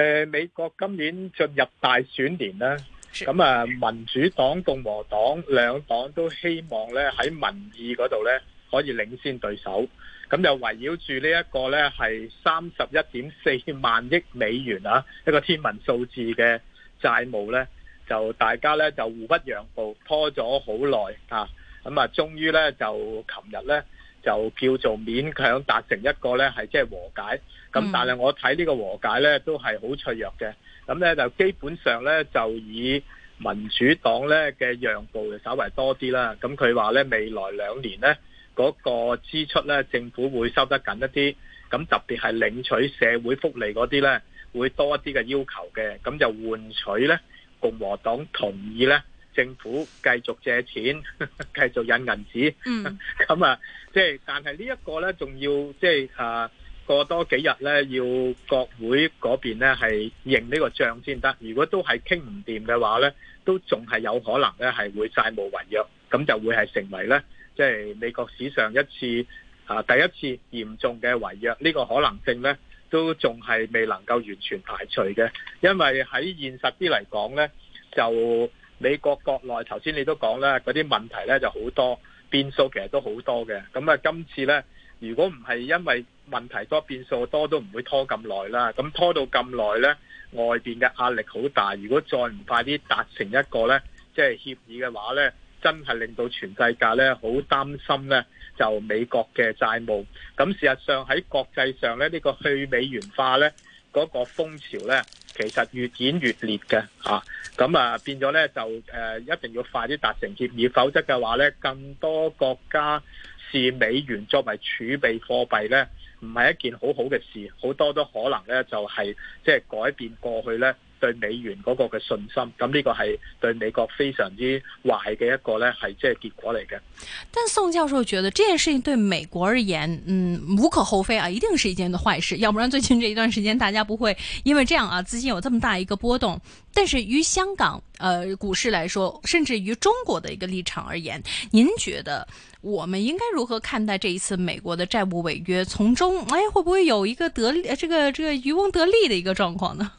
誒，美國今年進入大選年啦，咁啊，民主黨、共和黨兩黨都希望咧喺民意嗰度咧可以領先對手，咁就圍繞住呢一個咧係三十一點四萬億美元啊，一個天文數字嘅債務咧，就大家咧就互不讓步，拖咗好耐啊，咁啊，終於咧就琴日咧就叫做勉強達成一個咧係即係和解。.咁、嗯、但係我睇呢個和解呢都係好脆弱嘅。咁呢就基本上呢，就以民主黨呢嘅讓步就稍微多啲啦。咁佢話呢，未來兩年呢嗰、那個支出呢，政府會收得緊一啲。咁特別係領取社會福利嗰啲呢，會多一啲嘅要求嘅。咁就換取呢共和黨同意呢政府繼續借錢，繼續印銀紙。咁啊、嗯，即係但係呢一個呢，仲要即係、就是啊。過多幾日咧，要國會嗰邊咧，係認呢個賬先得。如果都係傾唔掂嘅話咧，都仲係有可能咧，係會債務違約，咁就會係成為咧，即係美國史上一次啊，第一次嚴重嘅違約。呢個可能性咧，都仲係未能夠完全排除嘅，因為喺現實啲嚟講咧，就美國國內頭先你都講啦嗰啲問題咧，就好多變數，其實都好多嘅。咁啊，今次咧如果唔係因為問題多變數多都唔會拖咁耐啦，咁拖到咁耐呢，外面嘅壓力好大。如果再唔快啲達成一個呢即係、就是、協議嘅話呢，真係令到全世界呢好擔心呢，就美國嘅債務。咁事實上喺國際上咧，呢、這個去美元化呢嗰、那個風潮呢，其實越演越烈嘅，咁啊，啊變咗呢，就一定要快啲達成協議，否則嘅話呢，更多國家視美元作為儲備貨幣呢。唔係一件好好嘅事，好多都可能呢，就係即係改變過去呢對美元嗰個嘅信心，咁呢個係對美國非常之壞嘅一個呢，係即係結果嚟嘅。但宋教授覺得呢件事情對美國而言，嗯無可厚非啊，一定是一件嘅壞事，要不然最近這一段時間大家不會因為這樣啊資金有這麼大一個波動。但是於香港，呃股市來說，甚至於中國的一個立場而言，您覺得？我們應該如何看待這一次美國的債務違約？從中，哎，會不會有一個得利這個這個漁翁得利的一個狀況呢？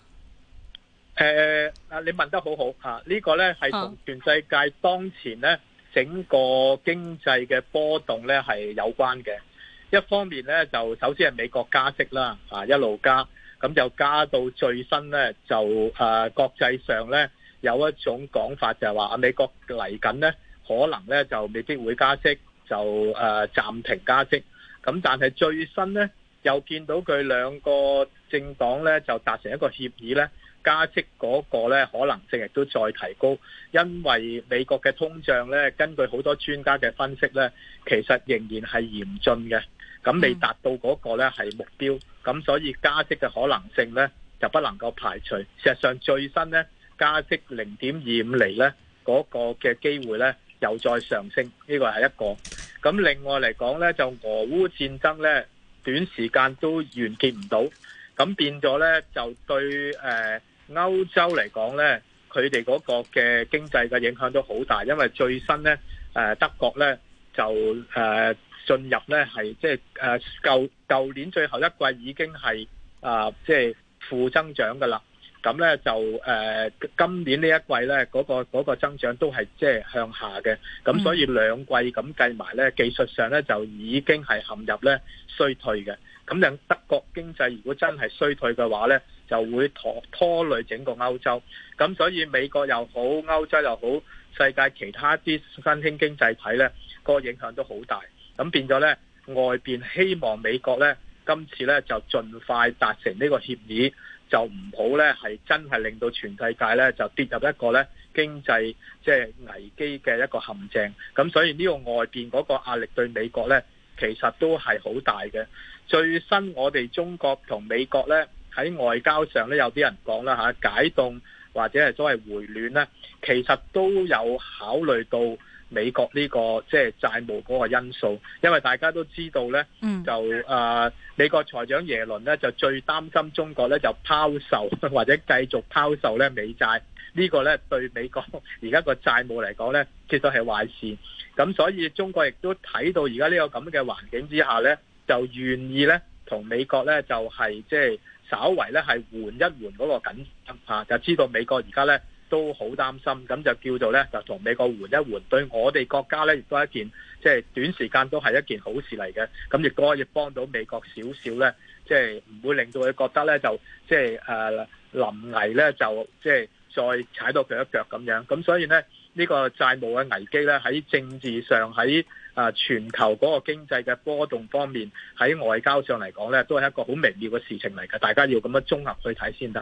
誒、呃，你問得好好吓，呢、啊，這個呢係同全世界當前呢整個經濟嘅波動呢係有關嘅。一方面呢就首先係美國加息啦，啊一路加，咁就加到最新呢就誒、啊、國際上呢有一種講法就係話啊美國嚟緊呢可能呢就未必會加息。就誒暫停加息，咁但係最新呢又見到佢兩個政黨呢就達成一個協議呢，加息嗰個呢可能性亦都再提高，因為美國嘅通脹呢根據好多專家嘅分析呢，其實仍然係嚴峻嘅，咁未達到嗰個呢係目標，咁所以加息嘅可能性呢就不能夠排除。事實上最新呢加息零點二五厘呢嗰個嘅機會呢又再上升，呢個係一個。咁另外嚟講咧，就俄烏戰爭咧，短時間都完結唔到，咁變咗咧就對誒歐洲嚟講咧，佢哋嗰個嘅經濟嘅影響都好大，因為最新咧誒德國咧就誒進入咧係即係誒舊舊年最後一季已經係誒即係負增長㗎喇。咁咧就誒、呃、今年呢一季咧嗰個嗰個增長都係即係向下嘅，咁所以兩季咁計埋咧技術上咧就已經係陷入咧衰退嘅。咁樣德國經濟如果真係衰退嘅話咧，就會拖拖累整個歐洲。咁所以美國又好，歐洲又好，世界其他啲新興經濟體咧個影響都好大。咁變咗咧外邊希望美國咧今次咧就盡快達成呢個協議。就唔好咧，係真係令到全世界咧就跌入一個咧經濟即係、就是、危機嘅一個陷阱。咁所以呢個外邊嗰個壓力對美國咧，其實都係好大嘅。最新我哋中國同美國咧喺外交上咧，有啲人講啦吓解凍或者係所謂回暖咧，其實都有考慮到。美國呢、這個即係、就是、債務嗰個因素，因為大家都知道呢，嗯、就啊美國財長耶倫呢，就最擔心中國呢，就拋售或者繼續拋售呢美債呢、這個呢，對美國而家個債務嚟講呢，其實係壞事。咁所以中國亦都睇到而家呢個咁嘅環境之下呢，就願意呢同美國呢，就係即係稍為呢係緩一緩嗰個緊急。就知道美國而家呢都好擔心，咁就叫做呢，就同美國緩一緩，對我哋國家呢，亦都一件即係、就是、短時間都係一件好事嚟嘅。咁亦都可以幫到美國少少呢，即係唔會令到佢覺得呢，就即係誒臨危呢，就即係、就是、再踩到佢一腳咁樣。咁所以呢，呢、這個債務嘅危機呢，喺政治上，喺全球嗰個經濟嘅波動方面，喺外交上嚟講呢，都係一個好微妙嘅事情嚟嘅。大家要咁樣綜合去睇先得。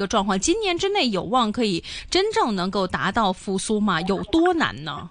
個狀況，今年之內有望可以真正能夠達到復蘇嗎？有多難呢？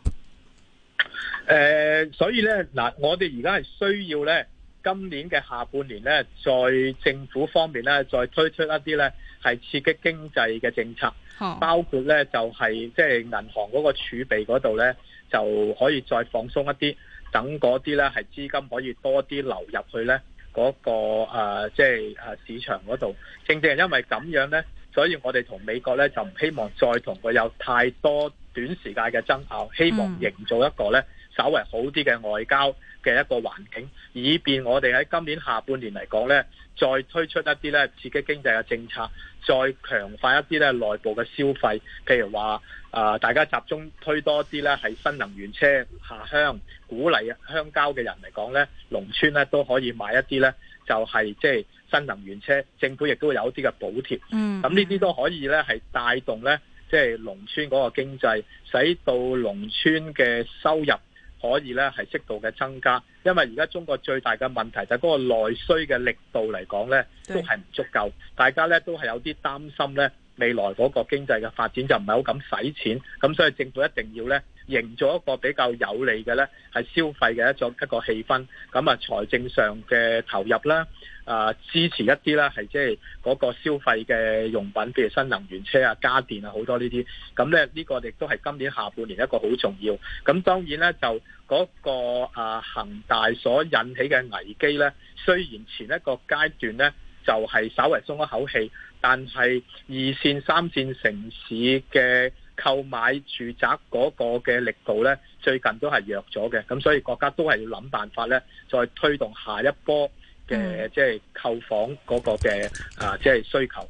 誒、呃，所以咧嗱、呃，我哋而家係需要咧，今年嘅下半年咧，在政府方面咧，再推出一啲咧係刺激經濟嘅政策，好包括咧就係即係銀行嗰個儲備嗰度咧就可以再放鬆一啲，等嗰啲咧係資金可以多啲流入去咧嗰、嗰個誒即係誒市場嗰度，正正係因為咁樣咧。所以我哋同美國咧就唔希望再同佢有太多短時間嘅爭拗，希望營造一個咧稍微好啲嘅外交嘅一個環境，以便我哋喺今年下半年嚟講咧，再推出一啲咧刺激經濟嘅政策，再強化一啲咧內部嘅消費，譬如話啊，大家集中推多啲咧係新能源車下鄉，鼓勵鄉郊嘅人嚟講咧，農村咧都可以買一啲咧。就係即係新能源車，政府亦都會有一啲嘅補貼。咁呢啲都可以咧，係帶動咧，即係農村嗰個經濟，使到農村嘅收入可以咧係適度嘅增加。因為而家中國最大嘅問題就係嗰個內需嘅力度嚟講咧，對都係唔足夠。大家咧都係有啲擔心咧，未來嗰個經濟嘅發展就唔係好咁使錢。咁所以政府一定要咧。營造一個比較有利嘅呢係消費嘅一種一個氣氛。咁啊，財政上嘅投入啦，啊支持一啲啦，係即係嗰個消費嘅用品，譬如新能源車啊、家電啊好多呢啲。咁呢，呢個亦都係今年下半年一個好重要。咁當然呢，就嗰個啊恒大所引起嘅危機呢，雖然前一個階段呢就係稍微鬆一口氣，但係二線、三線城市嘅。購買住宅嗰個嘅力度咧，最近都係弱咗嘅，咁所以國家都係要諗辦法咧，再推動下一波嘅即係購房嗰個嘅啊，即係需求。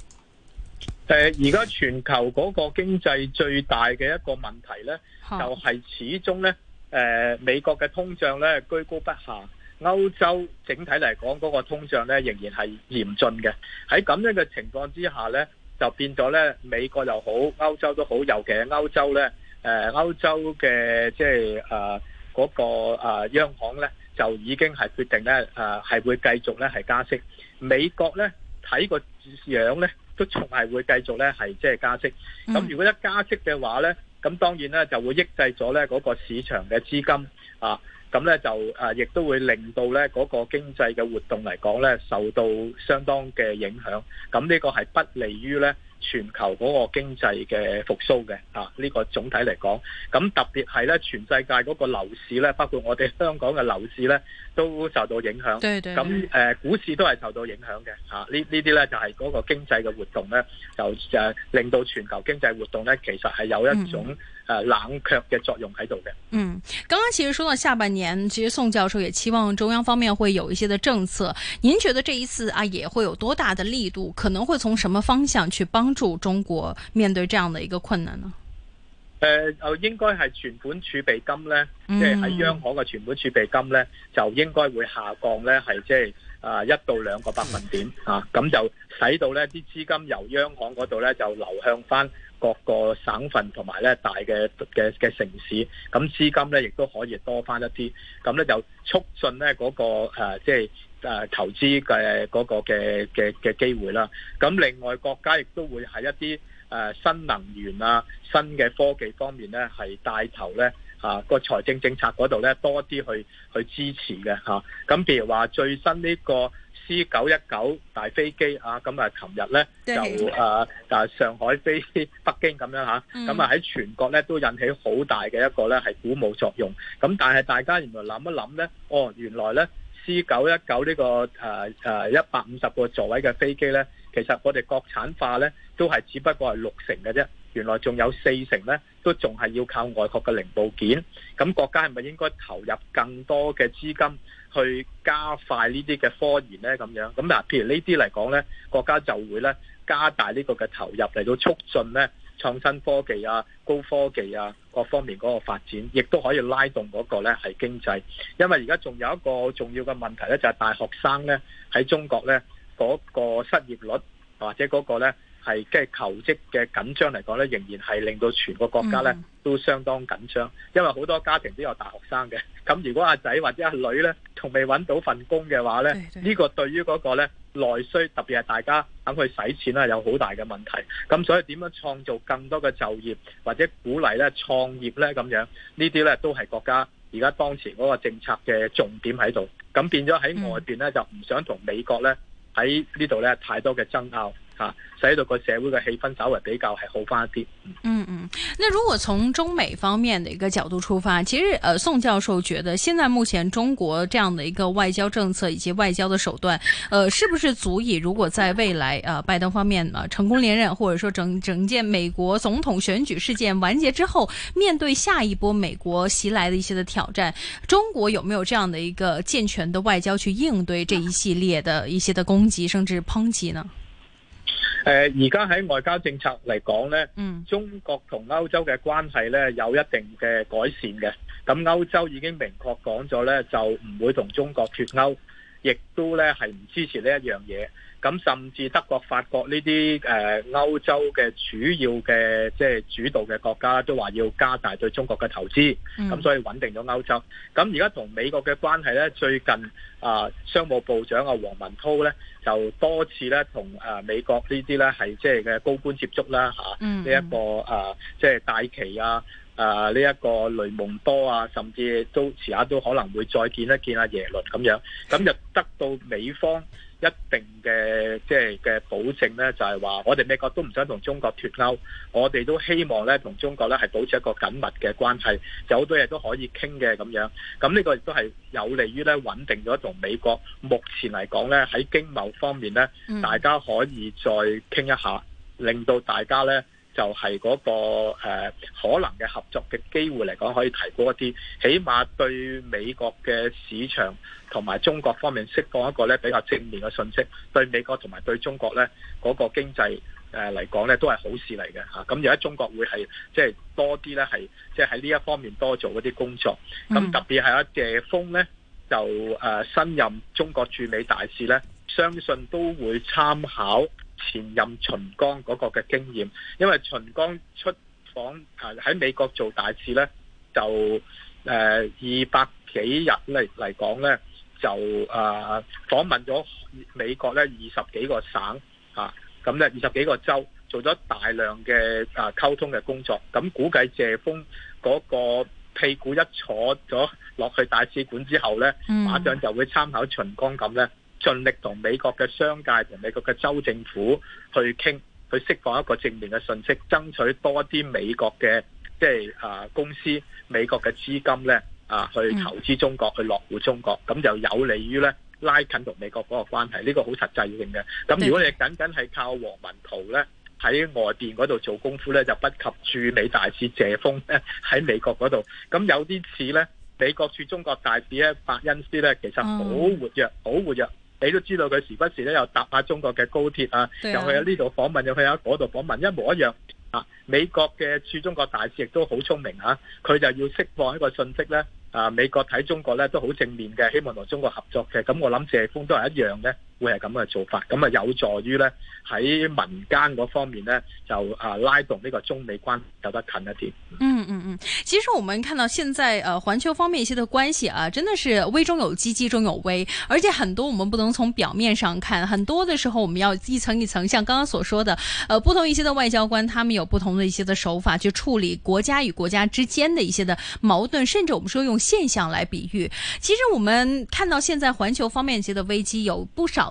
誒，而家全球嗰個經濟最大嘅一個問題呢，就係、是、始終呢誒，美國嘅通脹呢居高不下，歐洲整體嚟講嗰個通脹呢仍然係嚴峻嘅。喺咁樣嘅情況之下呢，就變咗呢美國又好，歐洲都好，尤其係歐洲呢，誒、就是，歐洲嘅即係誒嗰個誒央行呢，就已經係決定呢誒係、啊、會繼續呢係加息。美國呢，睇個樣呢。都仲係會繼續咧，係即係加息。咁如果一加息嘅話咧，咁當然咧就會抑制咗咧嗰個市場嘅資金啊。咁咧就誒亦都會令到咧嗰個經濟嘅活動嚟講咧受到相當嘅影響。咁呢個係不利於咧。全球嗰個經濟嘅復甦嘅啊，呢、這個總體嚟講，咁特別係咧，全世界嗰個樓市咧，包括我哋香港嘅樓市咧，都受到影響。對對，咁誒、啊，股市都係受到影響嘅。嚇、啊，呢呢啲咧就係、是、嗰個經濟嘅活動咧，就誒、啊、令到全球經濟活動咧，其實係有一種。嗯誒、啊，冷卻嘅作用喺度嘅。嗯，剛剛其實說到下半年，其實宋教授也期望中央方面會有一些的政策。您覺得這一次啊，也會有多大的力度？可能會從什麼方向去幫助中國面對這樣的一個困難呢？誒、呃呃，應該係存款儲備金呢，即係喺央行嘅存款儲備金呢，就應該會下降呢，係即係一到兩個百分點，嗯、啊，咁就使到呢啲資金由央行嗰度呢，就流向翻。各個省份同埋咧大嘅嘅嘅城市，咁資金咧亦都可以多翻一啲，咁咧就促進咧嗰個誒即係誒投資嘅嗰個嘅嘅嘅機會啦。咁另外國家亦都會喺一啲誒、啊、新能源啊、新嘅科技方面咧，係帶頭咧嚇個財政政策嗰度咧多啲去去支持嘅吓。咁、啊、譬如話最新呢、這個。C 九一九大飛機啊，咁啊，琴日呢，就誒誒，上海飛北京咁樣吓，咁啊喺全國呢，都引起好大嘅一個呢，係鼓舞作用。咁但係大家原來諗一諗呢，哦，原來呢 C 九一九呢個誒誒一百五十個座位嘅飛機呢，其實我哋國產化呢，都係只不過係六成嘅啫，原來仲有四成呢，都仲係要靠外國嘅零部件。咁國家係咪應該投入更多嘅資金？去加快呢啲嘅科研咧，咁樣咁嗱，譬如呢啲嚟講咧，國家就會咧加大呢個嘅投入嚟到促進咧創新科技啊、高科技啊各方面嗰個發展，亦都可以拉動嗰個咧係經濟。因為而家仲有一個重要嘅問題咧，就係大學生咧喺中國咧嗰個失業率或者嗰個咧係即係求職嘅緊張嚟講咧，仍然係令到全個國家咧都相當緊張，因為好多家庭都有大學生嘅。咁如果阿仔或者阿女咧，仲未揾到份工嘅話呢呢，呢個對於嗰個呢內需，特別係大家等佢使錢啊，有好大嘅問題。咁所以點樣創造更多嘅就業，或者鼓勵呢創業呢？咁樣，呢啲呢都係國家而家當前嗰個政策嘅重點喺度。咁變咗喺外邊呢就唔想同美國呢喺呢度呢太多嘅爭拗。啊，使到個社會嘅氣氛稍微比較係好翻一啲。嗯嗯，那如果從中美方面的一個角度出發，其實，呃，宋教授覺得現在目前中國這樣的一個外交政策以及外交的手段，呃，是不是足以如果在未來呃，拜登方面啊成功連任，或者說整整件美國總統選舉事件完結之後，面對下一波美國襲來的一些的挑戰，中國有沒有這樣的一個健全的外交去應對這一系列的一些的攻擊甚至抨擊呢？誒，而家喺外交政策嚟講咧，中國同歐洲嘅關係咧有一定嘅改善嘅，咁歐洲已經明確講咗咧，就唔會同中國脫歐。亦都咧係唔支持呢一樣嘢，咁甚至德國、法國呢啲誒歐洲嘅主要嘅即係主導嘅國家都話要加大對中國嘅投資，咁、嗯、所以穩定咗歐洲。咁而家同美國嘅關係咧，最近啊，商務部長啊黃文濤咧就多次咧同誒美國呢啲咧係即係嘅高官接觸啦吓呢一個誒即係大旗啊。啊！呢一個雷蒙多啊，甚至都遲下都可能會再見一見阿耶倫咁樣，咁就得到美方一定嘅即係嘅保證呢就係話我哋美國都唔想同中國脱鈎，我哋都希望呢同中國呢係保持一個緊密嘅關係，有好多嘢都可以傾嘅咁樣，咁呢個亦都係有利於呢穩定咗同美國目前嚟講呢，喺經貿方面呢，大家可以再傾一下，令到大家呢。就係嗰個可能嘅合作嘅機會嚟講，可以提高一啲，起碼對美國嘅市場同埋中國方面釋放一個咧比較正面嘅信息，對美國同埋對中國咧嗰個經濟嚟講咧都係好事嚟嘅嚇。咁而家中國會係即係多啲咧，係即係喺呢一方面多做一啲工作。咁特別係阿謝鋒咧，就誒新任中國駐美大使咧，相信都會參考。前任秦剛嗰個嘅經驗，因為秦剛出訪誒喺美國做大使呢，就誒二百幾日嚟嚟講呢，就誒訪問咗美國呢二十幾個省啊，咁呢二十幾個州做咗大量嘅誒溝通嘅工作，咁估計謝鋒嗰個屁股一坐咗落去大使館之後呢，馬上就會參考秦剛咁呢。盡力同美國嘅商界同美國嘅州政府去傾，去釋放一個正面嘅信息，爭取多啲美國嘅即係啊公司、美國嘅資金咧啊去投資中國、去落戶中國，咁就有利於咧拉近同美國嗰個關係。呢、這個好實際性嘅。咁如果你僅僅係靠黃文圖咧喺外邊嗰度做功夫咧，就不及駐美大使謝峰咧喺美國嗰度。咁有啲似咧美國駐中國大使咧伯恩斯咧，其實好活躍，好活躍。你都知道佢時不時咧又搭下中國嘅高鐵啊，啊又去喺呢度訪問，又去喺嗰度訪問，一模一樣啊！美國嘅駐中國大使亦都好聰明嚇、啊，佢就要釋放一個信息咧啊！美國睇中國咧都好正面嘅，希望同中國合作嘅，咁我諗謝鋒都係一樣嘅。會係咁嘅做法，咁啊有助於呢喺民間嗰方面呢，就啊拉動呢個中美關係走得近一啲，嗯。嗯嗯嗯，其實我們看到現在呃環球方面一些嘅關係啊，真的是危中有機，機中有危。而且很多我們不能從表面上看，很多的時候我們要一層一層，像剛剛所說的，呃不同一些的外交官，他們有不同的一些的手法去處理國家與國家之間的一些的矛盾，甚至我們說用現象來比喻，其實我們看到現在環球方面一些的危機有不少。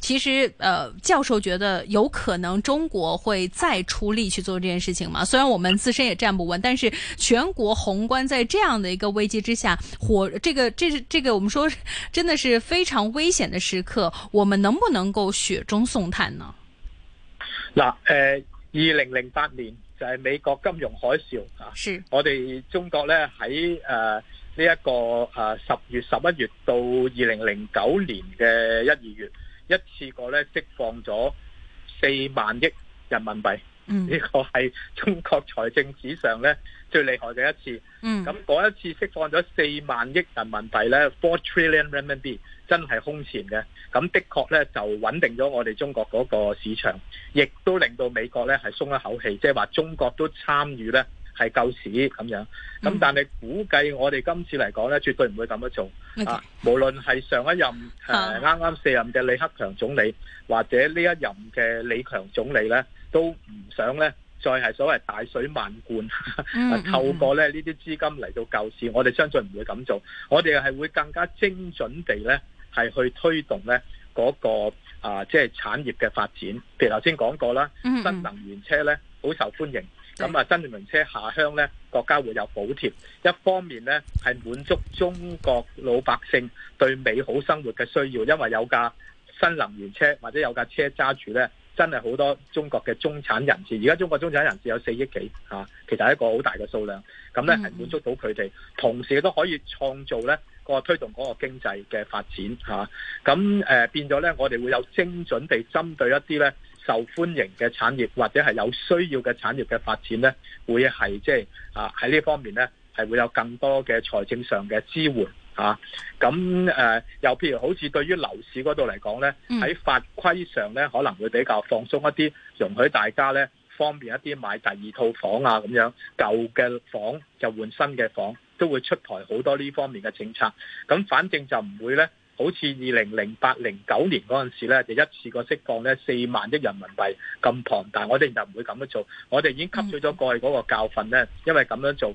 其實，呃，教授覺得有可能中國會再出力去做這件事情嗎？雖然我們自身也站不穩，但是全國宏觀在這樣的一個危機之下，火這個這是、個、這個我們說真的是非常危險的時刻，我們能不能夠雪中送炭呢？嗱、呃，誒，二零零八年就是美國金融海嘯啊，是，我哋中國呢喺呃呢一、這個誒十、呃、月十一月到二零零九年嘅一二月。一次過咧釋放咗四萬億人民幣，呢個係中國財政史上咧最厲害嘅一次。咁嗰、嗯、一次釋放咗四萬億人民幣咧，four trillion 人民幣真係空前嘅。咁的確咧就穩定咗我哋中國嗰個市場，亦都令到美國咧係鬆一口氣，即係話中國都參與咧。係救市咁樣，咁但係估計我哋今次嚟講咧，絕對唔會咁樣做 Okay. 啊！無論係上一任誒啱啱卸任嘅李克強總理，或者呢一任嘅李強總理咧，都唔想咧再係所謂大水漫灌 透過咧呢啲資金嚟到救市，我哋相信唔會咁做，我哋係會更加精準地咧係去推動咧嗰、那個啊，即、就、係、是、產業嘅發展。譬如頭先講過啦，新能源車咧好受歡迎。咁啊，新能源車下鄉呢，國家會有補貼。一方面呢，係滿足中國老百姓對美好生活嘅需要，因為有架新能源車或者有架車揸住呢，真係好多中國嘅中產人士。而家中國中產人士有四億幾吓，其實係一個好大嘅數量。咁呢，係滿足到佢哋，同時都可以創造呢個推動嗰個經濟嘅發展吓。咁、啊、誒、呃、變咗呢，我哋會有精準地針對一啲呢。受歡迎嘅產業或者係有需要嘅產業嘅發展呢，會係即係啊，喺呢方面呢係會有更多嘅財政上嘅支援，咁誒、啊呃，又譬如好似對於樓市嗰度嚟講呢，喺法規上呢可能會比較放鬆一啲，容許大家呢方便一啲買第二套房啊咁樣，舊嘅房就換新嘅房，都會出台好多呢方面嘅政策。咁反正就唔會呢。好似二零零八、零九年嗰陣時咧，就一次過釋放咧四萬億人民幣咁龐大，我哋就唔會咁樣做。我哋已經吸取咗過去嗰個教訓咧，因為咁樣做。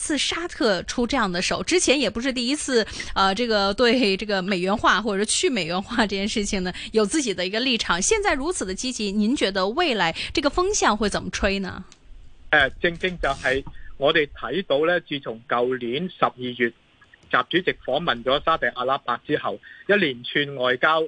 次沙特出這樣的手之前也不是第一次，啊、呃，這個對這個美元化或者去美元化這件事情呢，有自己的一個立場。現在如此的積極，您覺得未來這個風向會怎麼吹呢？正正就係我哋睇到呢，自從舊年十二月習主席訪問咗沙特阿拉伯之後，一連串外交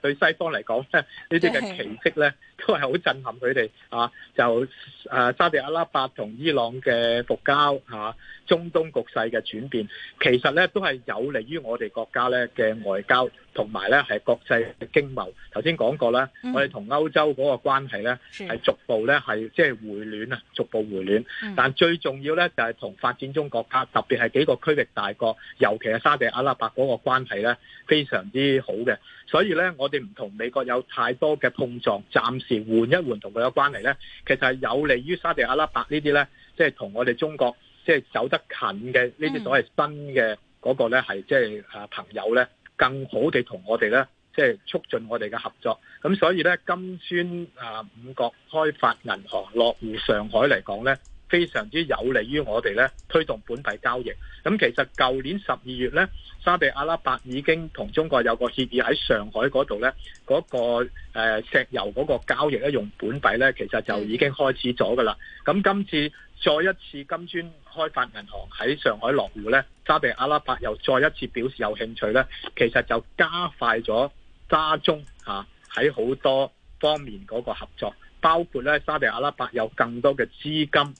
對西方嚟講呢，呢啲嘅奇蹟呢。都係好震撼佢哋啊！就誒、啊、沙地阿拉伯同伊朗嘅復交吓中東局勢嘅轉變，其實咧都係有利於我哋國家咧嘅外交同埋咧係國際嘅經貿，頭先講過咧，嗯、我哋同歐洲嗰個關係係咧係逐步咧係即係回暖啊，逐步回暖。嗯、但最重要咧就係、是、同發展中國家，特別係幾個區域大國，尤其係沙地阿拉伯嗰個關係係咧非常之好嘅。所以咧，我哋唔同美國有太多嘅碰撞，暫時。換一換同佢有關係呢，其實係有利於沙地阿拉伯呢啲呢，即係同我哋中國即係、就是、走得近嘅呢啲所謂新嘅嗰個咧，係即係啊朋友呢，更好地同我哋呢，即、就、係、是、促進我哋嘅合作。咁所以呢，金磚啊五國開發銀行落戶上海嚟講呢。非常之有利於我哋咧推動本幣交易。咁其實舊年十二月咧，沙地阿拉伯已經同中國有個協議喺上海嗰度咧，嗰、那個、呃、石油嗰個交易咧用本幣咧，其實就已經開始咗噶啦。咁今次再一次，金磚開發銀行喺上海落戶咧，沙地阿拉伯又再一次表示有興趣咧，其實就加快咗沙中吓喺好多方面嗰個合作，包括咧沙地阿拉伯有更多嘅資金。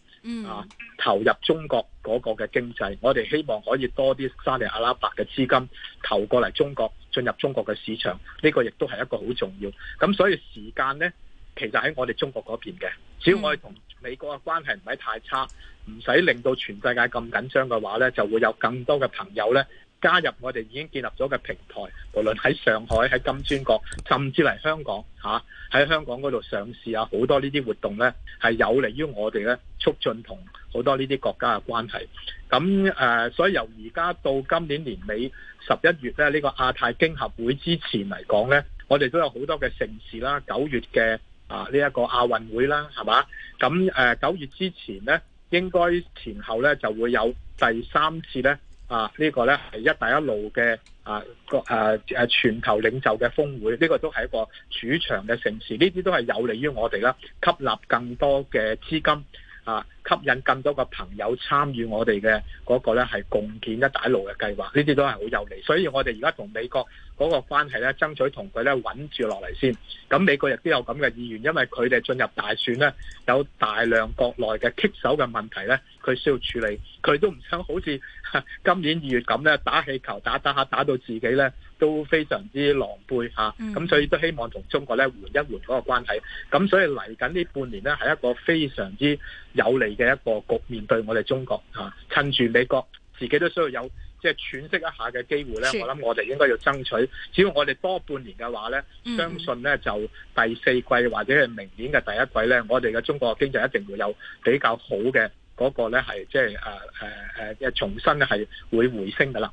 啊！投入中國嗰個嘅經濟，我哋希望可以多啲沙地阿拉伯嘅資金投過嚟中國，進入中國嘅市場。呢個亦都係一個好重要。咁所以時間呢，其實喺我哋中國嗰邊嘅，只要我哋同美國嘅關係唔係太差，唔使令到全世界咁緊張嘅話呢，就會有更多嘅朋友呢。加入我哋已經建立咗嘅平台，無論喺上海、喺金磚國，甚至嚟香港，喺香港嗰度上市啊！好多呢啲活動呢係有利於我哋呢促進同好多呢啲國家嘅關係。咁誒，所以由而家到今年年尾十一月咧，呢個亞太經合會之前嚟講呢，我哋都有好多嘅盛事啦，九月嘅啊呢一個亞運會啦，係嘛？咁誒，九月之前呢，應該前後呢就會有第三次呢。啊！這個、呢個咧係一帶一路嘅啊個誒誒全球領袖嘅峰會。呢、這個都係一個主場嘅城市，呢啲都係有利於我哋啦，吸納更多嘅資金啊！吸引更多嘅朋友參與我哋嘅嗰個咧係共建一帶一路嘅計劃，呢啲都係好有利。所以我哋而家同美國嗰個關係咧，爭取同佢咧穩住落嚟先。咁美國亦都有咁嘅意願，因為佢哋進入大選咧，有大量國內嘅棘手嘅問題咧，佢需要處理。佢都唔想好似今年二月咁咧打氣球打打下打，打到自己咧都非常之狼狽吓，咁、嗯、所以都希望同中國咧緩一緩嗰個關係，咁所以嚟緊呢半年咧係一個非常之有利。嘅一個局面，對我哋中國、吓、趁住美國自己都需要有即係、就是、喘息一下嘅機會咧，的我諗我哋應該要爭取。只要我哋多半年嘅話咧，嗯、相信咧就第四季或者係明年嘅第一季咧，我哋嘅中國經濟一定會有比較好嘅嗰個咧，係即係誒誒誒，重新係會回升噶啦。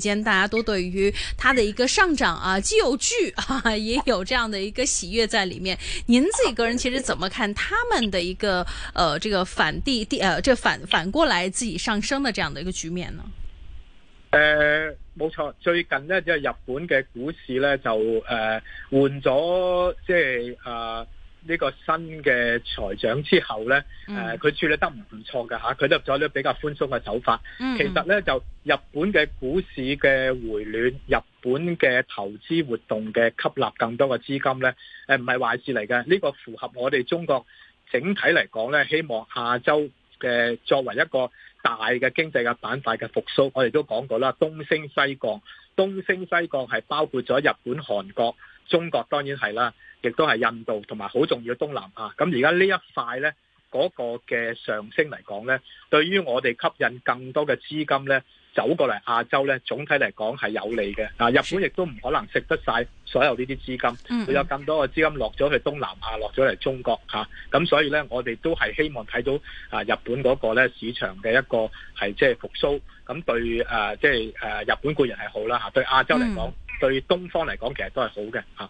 間大家都對於它的一個上漲啊，既有懼啊，也有這樣的一個喜悦在裏面。您自己個人其實怎麼看他們的一個呃這個反地地呃這反反過來自己上升的這樣的一個局面呢？誒、呃，冇錯，最近呢，就係日本嘅股市呢，就誒換咗即係啊。呃呢個新嘅財長之後呢，誒、呃、佢處理得唔錯㗎吓，佢都入咗啲比較寬鬆嘅手法。其實呢，就日本嘅股市嘅回暖、日本嘅投資活動嘅吸納更多嘅資金呢，誒唔係壞事嚟嘅。呢、呢個符合我哋中國整體嚟講呢，希望下周嘅作為一個大嘅經濟嘅板塊嘅復甦，我哋都講過啦，東升西降，東升西降係包括咗日本、韓國、中國當然係啦。亦都係印度同埋好重要嘅東南亞。咁而家呢一塊呢，嗰、嗰個嘅上升嚟講呢，對於我哋吸引更多嘅資金呢，走過嚟亞洲呢，總體嚟講係有利嘅啊！日本亦都唔可能食得晒所有呢啲資金，會有更多嘅資金落咗去東南亞，落咗嚟中國嚇。咁所以呢，我哋都係希望睇到啊日本嗰個呢市場嘅一個係即係復甦，咁對即係、呃即係、日本個人係好啦嚇，對亞洲嚟講，嗯、對東方嚟講其實都係好嘅嚇。